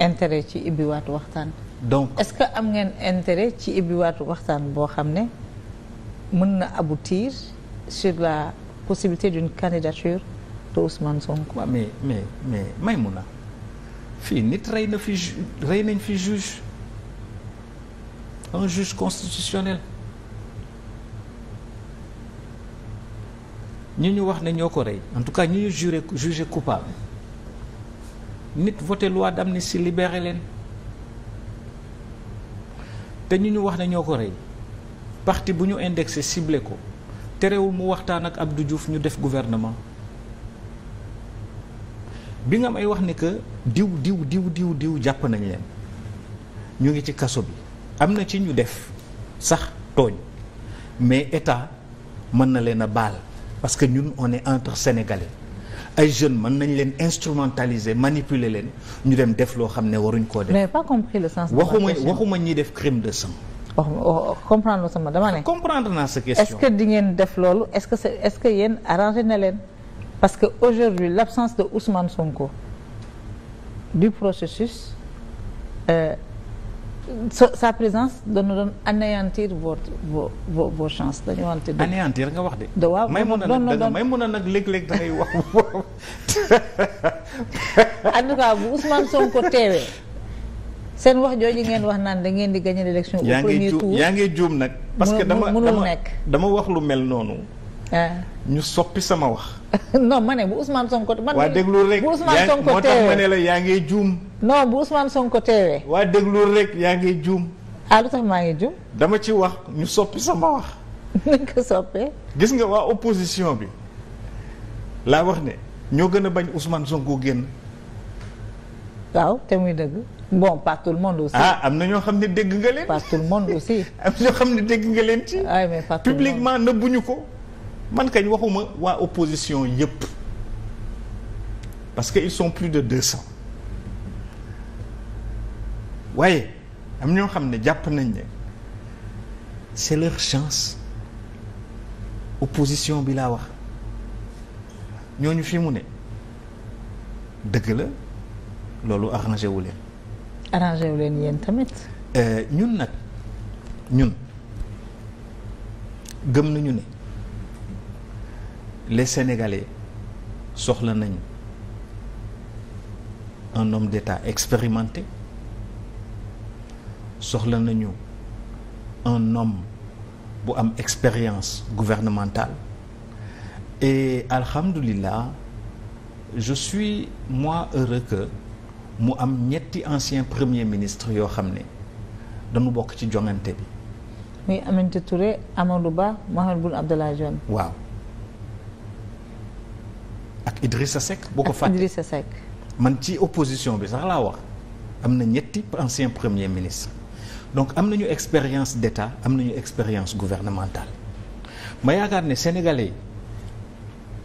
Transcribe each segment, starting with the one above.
intérêt ci ibbiwaatu waxtaan. donc est-ce que am ngeen intéret ci ibbiwaatu waxtaan boo xam ne mën na aboutir sur la possibilité d'une candidature de Ousmane Sonko. waaw mais mais mais Maïmouna fii nit rey na fi ju rey nañ fi juge un juge constitutionnel ñu ñu wax ne ko rey en tout cas ñu ñu juré jugé coupable. nit voté loi d'amnistie libéré leen te ñu ñu wax ne ko rey parti bu ñu indexé ciblé ko terewu mu waxtaan ak du Diouf ñu def gouvernement bi nga may wax ni que diw diw diw diw diw jàpp nañ leen ñu ngi ci kaso bi am na ci ñu def sax tooñ mais état mën na leen a baal parce que ñun on entre sénégalais. ay jeunes mën nañ leen instrumentaliser manipuler leen ñu dem def loo xam ne waruñ koo def. mais pas compris le sens. waxuma waxuma de sang. ne. comprendre naa sa question. est di ngeen def loolu est-ce que est-ce que yéen na leen parce que aujourd'hui l'absence de Ousmane Sonko du processus. Euh, sa sa présence dana doon anéantir boo vos vos vos chances dañu wante. anéantir nga wax de. de waaw may mun a nag may mun a nag léeg-léeg da wax. en tout cas bu Ousmane Sonko teewee seen wax jooju ngeen wax naan da ngeen di gagner l'élection au premier tour yaa ngi juum yaa ngi juum nag. parce que dama dama dama wax lu mel noonu. Eh. ñu soppi sama wax. non ma ne bu Ousmane Sonko. man waa déglu rek bu Ousmane teewee moo tax ma yaa ngi juum. non bu Ousmane Sonko waa déglu rek yaa ngi juum. ah lu tax maa ngi juum. dama ci wax ñu soppi sama wax. nañ ko soppee. gis nga waa opposition bi laa wax ne ñoo gën a bañ Ousmane Sonko génn. waaw te muy dëgg. bon pas tout le monde ah am na ñoo xam ne dégg nga leen. pas tout le monde aussi. am ñoo xam ne dégg nga leen ci. ay mais pas tout publiquement nëbbuñu ko. man kañ waxuma waa opposition yëpp parce que ils sont plus de deux cents waaye am ñoo xam ne jàpp nañ ne c'est leur chance opposition bi laa wax ñooñu fi mu ne dëgg la loolu arrangé wu leen. arrangé wu leen yéen tamit. Euh, ñun nag ñun gëm nañu ne. les Sénégalais soxla nañ un homme d'État expérimenté soxla nañu un nom bu am expérience gouvernementale et alhamdulillah je suis moi heureux que mu am ñetti ancien premier ministre yoo xam ne dañu bokk ci joŋante bi. muy Aminata Touré Amadou Ba Mahammed Boun Abdallah Dionne. waaw. ak Idrissa Seck boo ko fàtte Idrissa Seck man ci opposition bi sax laa wax am na ñetti ancien premier ministre donc am nañu expérience d'état am nañu expérience gouvernementale ma yaakaar ne sénégalais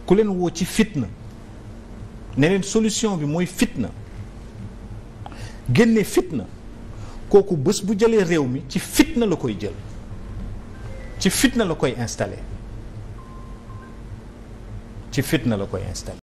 ku leen woo ci fitna ne leen solution bi mooy fitna génne fitna kooku bés bu jëlee réew mi ci fitna la koy jël ci fitna la koy installé ci fitna la koy installé